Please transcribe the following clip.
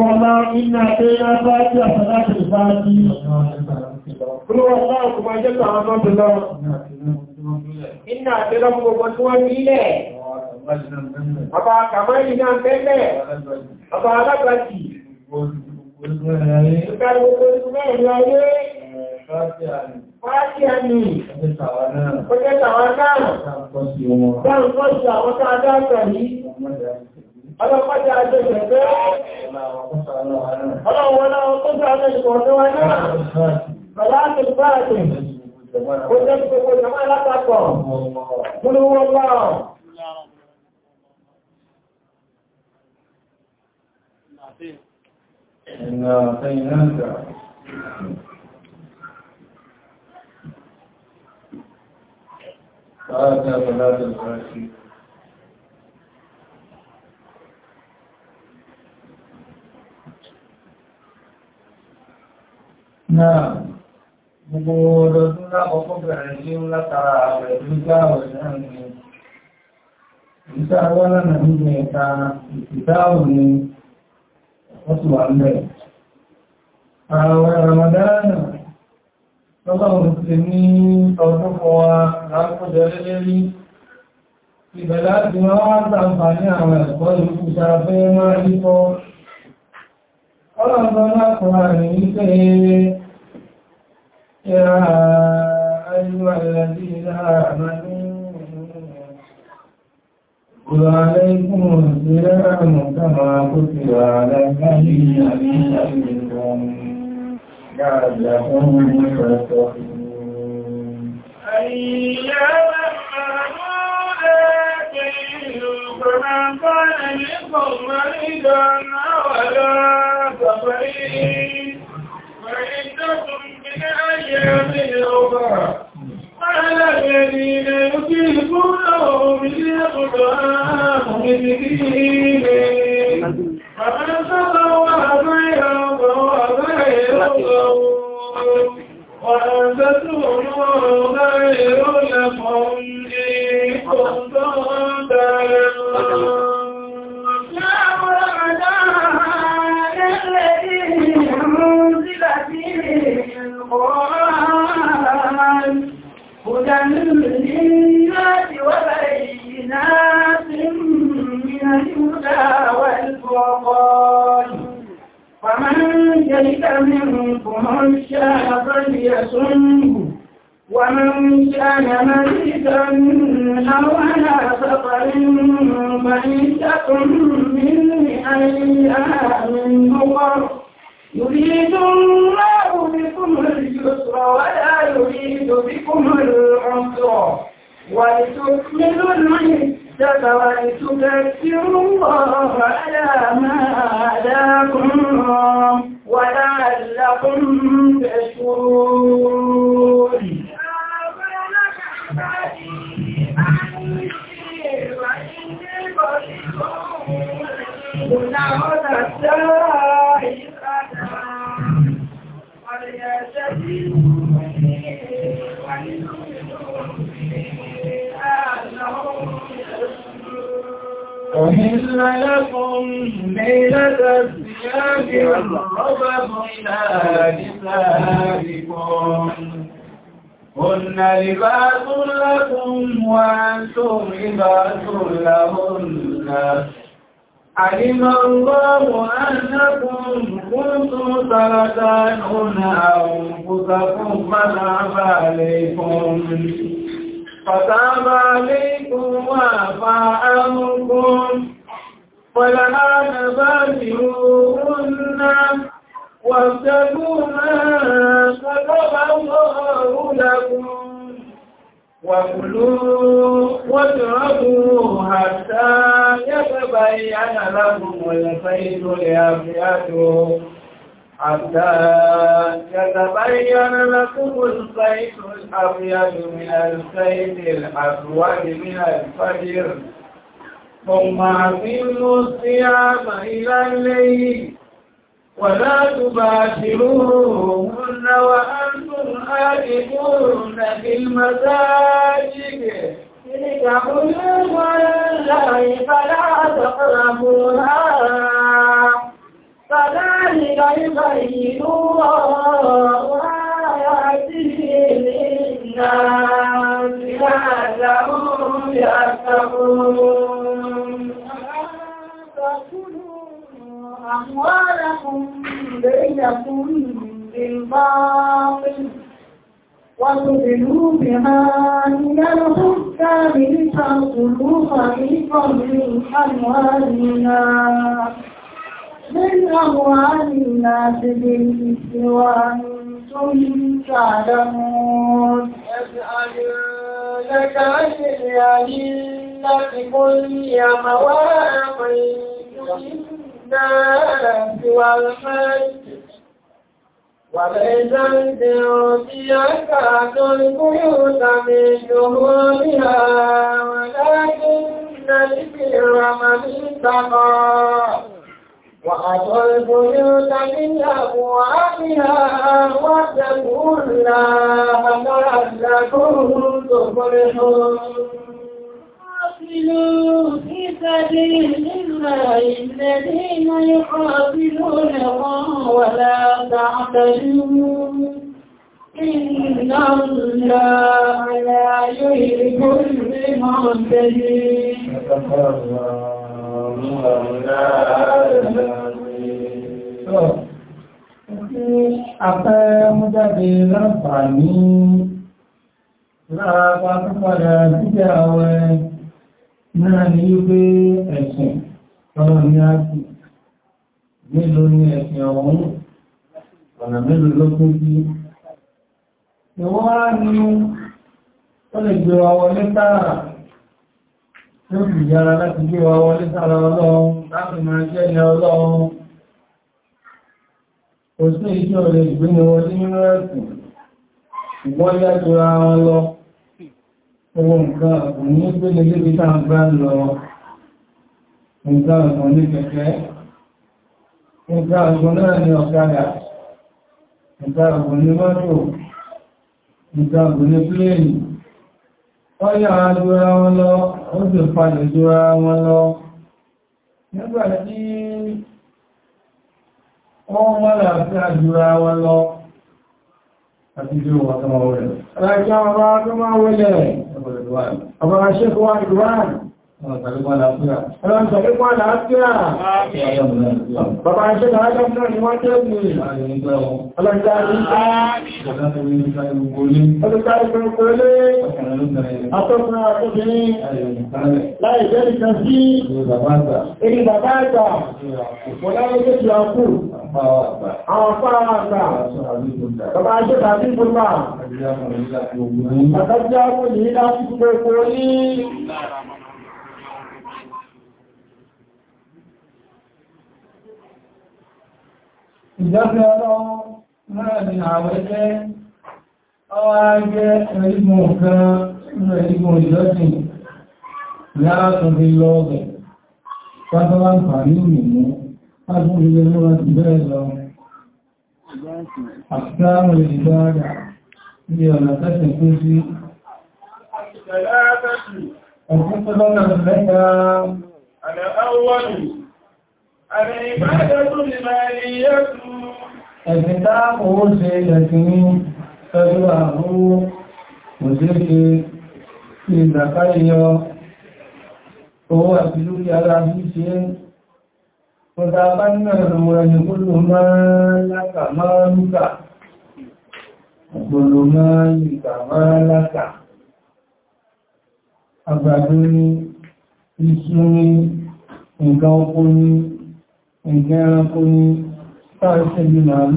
قل الله إنا أتينا فاتحة صلاة الفاتحة قل الله كما جل عمد الله إنا أتينا مقبلتها ميلة أبا كمان إنا ميلة أبا لبتي Ìgbàlẹ̀ gbogbo ìgbẹ́ ìrìn ayé, fàájìá ni, ọjọ́ tàwọn náà, táàkọ́ sí àwọn tàà dáàkà yìí, Ọlọ́pàá àjọyọ̀ ẹgbẹ́ ọlọ́wọ́ náà tó jẹ́ tó wáyé náà. Bàbá àti ìgbà àti jẹ́ gbogbo ìjọba alápapọ̀. Múlú wọ́n lọ́rọ̀. Ìnà àtẹ́yìn náà jà. Bàbá àti àbàlá àti ìgbà náà gbogbo ọdọdún lákọ̀ọ́kọ́ bẹ̀rẹ̀ sí ń látara rẹ̀ nígbà ọ̀rẹ́ náà ni ìṣẹ́ àwọn lánàá nínú ẹ̀ta ìdáhùn ni wọ́n ti wà ń bẹ̀. Àwọn Ramadana lọ́gbàmù ti ní ọdún fún wa láàkójọ lélẹ́rí. Ibẹ̀ láti máa wá tàbí àwọn ẹ̀kọ́ ìlú ṣàfẹ́ máa rí kọ́. Ọlọ́gbọ́n lákùnrin ní pé أيها الذين آمنوا قل عليكم السلام كما كتب على الذين من أجلكم لعلكم تتقون أيها فمن كان منكم مريضا ولا سفرين فعدة أيام الأخرى على الذين يكذبونه بالأقدام مسكين الهدى والفرقان فمن شهد منكم الشهر فليصمه ومن كان مريضا أو على سفر فعدة من أيام أخر يريد الله بكم اليسر ولا يريد بكم العسر ولتكملوا العدة المبتل ولتذكروا الله على ما هداكم ولعلكم تشكرون أهل لكم ليلة الزياد والربط إلى نسائكم هن لباس لكم وأنتم لباس لهن علم الله أنكم كنتم تلتانون أنفسكم فتعب عليكم Fàtàbà aléìkún wà fà ámúkún, pẹ̀lá àdàbà ìrùn náà, wàtàkùn náà, kọlọ́bà mọ́ وكلوا واشربوا حتى يتبين لكم الخيط الأبيض حتى يتبين لكم الخيط الأبيض من الخيط الأسود من الفجر ثم أتموا الصيام إلى الليل ولا تباشروهن وأنتم آتفون في المساجد تلك حدود الله فلا تقربوها يبين الله آياته للناس لعلهم يتقون أموالكم بينكم بالباطل وتدلوا بها من الحكام لتأكلوا فريقا من أموال الناس من أموال الناس بالإثم وأنتم تعلمون يسألونك عن الأهلة قل هي مواقيت للناس والحج وليس البر بأن البيوت من ظهورها ولكن البر من اتقى وأتوا البيوت من أبوابها واتقوا الله لعلكم تفلحون قاتلوا في سبيل الله الذين يقاتلونهم ولا تعتدوا إن الله لا يهلك المعتدين Afẹ́ mújáde láǹfààní lára pàtàkàrà jíjẹ àwẹ̀ náà ní wípé ẹ̀sìn ọ̀nà ní ápù. Mélòó ni ẹ̀sìn ọ̀hún, ọ̀nà mélòó ló kún sí. Ìwọ́n á ní ó lè gbé ọwọ́ ní tààrà tó fi yára láti gbé wa wọlé sára ọlọ́run láti máa jẹ́ ní ọlọ́run kò sí iṣẹ́ ọ̀rẹ́ ìgbéni wọlé nínú ẹ̀sùn ìgbọ́n wọn lọ owó nǹkan ọ̀pọ̀ ní gbéni lébi tá wọ́n yára wọn lọ ó sì padà jura wọn lọ nígbà tí wọ́n mọ́lá sí àjura wọn lọ àti ìlú wọn tó máa wọlẹ̀ Bàbá ṣe láàájọ́ náà ni wọ́n tẹ́ ní ọlọ́jáàrí ìgbẹ̀rẹ̀ àtọ́kùnrin àtọ́bìnrin láì jẹ́ nìkan sí èyí bàbá àgbà ọ̀láyẹ́jẹ́ ti àkú àwọn fáà àgbà bàbá ṣe tàbí gbogbo àtàjá àwọn ìlú láti gbogbo ní ìjọ́fẹ́ ọlọ́run náà ni àwẹ́ jẹ́ ọwá jẹ́ ẹ̀rígun kan nínú ẹ̀rígun ìjọ́sìn látọ̀bí lọ́ọ̀bẹ̀ pátọ́lá ń pàrí ìrìnmú látọ̀bí lọ́wọ́ ti bẹ́ẹ̀ Ẹ̀sìn táàkù ó ṣe ẹ̀sìn ní pẹ̀lú àrúwó, òṣèṣe, ìdàkáyọ, owó àti lórí ara bí ṣe ń kọta bá nínú ẹ̀rùn ẹni gbogbo máa lákà máa lúkà, gbogbo máa lùkà máa lákà. Àgbàdo ni, iṣu ni, nǹkan oko ẹ̀gẹ́ ẹranko ni táà ṣe